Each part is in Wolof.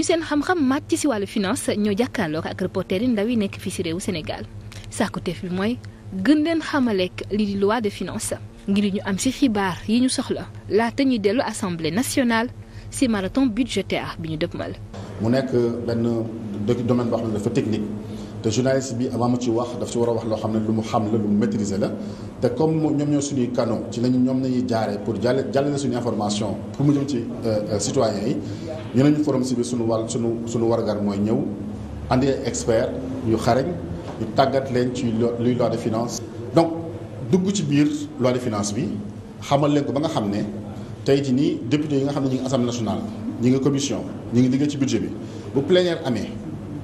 ñu seen xam-xam màcc ci wàllu finance ñoo jàkkaarloo ak reporter yi ndaw yi nekk fii ci réewu Sénégal sàkkuteef bi mooy gën leen xamaleek lii di loi de finance ngir ñu am ci xibaar yi ñu soxla laata ñuy dellu assemblée nationale ci marathon budgétaire bi ñu dëppmal. mu nekk benn domaine boo ne dafa technique. te journaliste bi avant ma ci wax daf ci war a wax loo xam ne lu mu xam la lu mu maîtriser la te comme ñoom ñoo suñuy canon ci lañu ñoom nañuy jaare pour jàlle jàlle na suñu information pour mu jëm ci euh, euh, citoyens yi ñu neñu forum si bi suñu wàll suñu suñu war a wargar mooy ñëw andi ay expert yu xarañ ñu tàggat leen ci luy loi de finance donc dugg ci biir loi de finance bi xamal leen ko ba nga xam ne tey jii nii député yi nga xam ne ñu ngi assemblée nationale ñi ngi commission ñi ngi liggéey ci budget bi bu plénière amee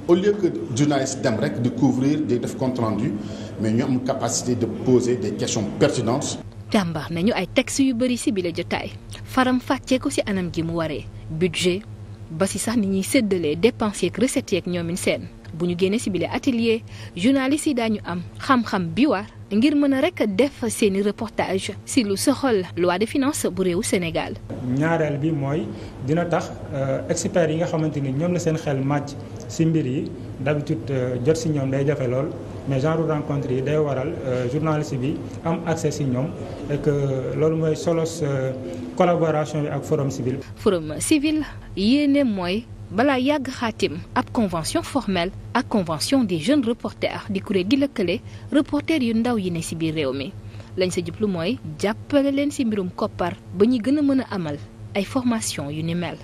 au lieu que journaliste dem rek di couvrir di def compte rendu mais ñu am capacité de poser des questions pertinentes. jàmbaar nañu ay textes yu bëri sibile jotaay faram fàccee ko si anam gi mu waree budget ba si sax ni ñuy séddalee dépenses yeeg recettes yeeg ñoomin seen bu ñu génnee si bile atelier journaliste yi daa ñu am xam-xam bi war. ngir mën a rek def seeni reportage si lu soxal loi de finance bu réew Sénégal. ñaareel bi mooy dina tax euh, experts yi nga xamante ni ñoom la seen xel màcc si mbir yi d'habitude euh, jot si ñoom day jafe lool mais genre rencontre yi day waral euh, journaliste bi am accès si ñoom et loolu mooy solos collaboration bi ak forum civil. forum civil yéene mooy. balaa yàgg xaatim ab convention formelle ak convention des jeunes reporters di kuréel gi lëkkale reporter yu ndaw yi ne ci biir réew mi lañ sa jublu mooy jàppale leen ci mbirum koppar ba ñu gën a mën a amal ay formation yu ni mel.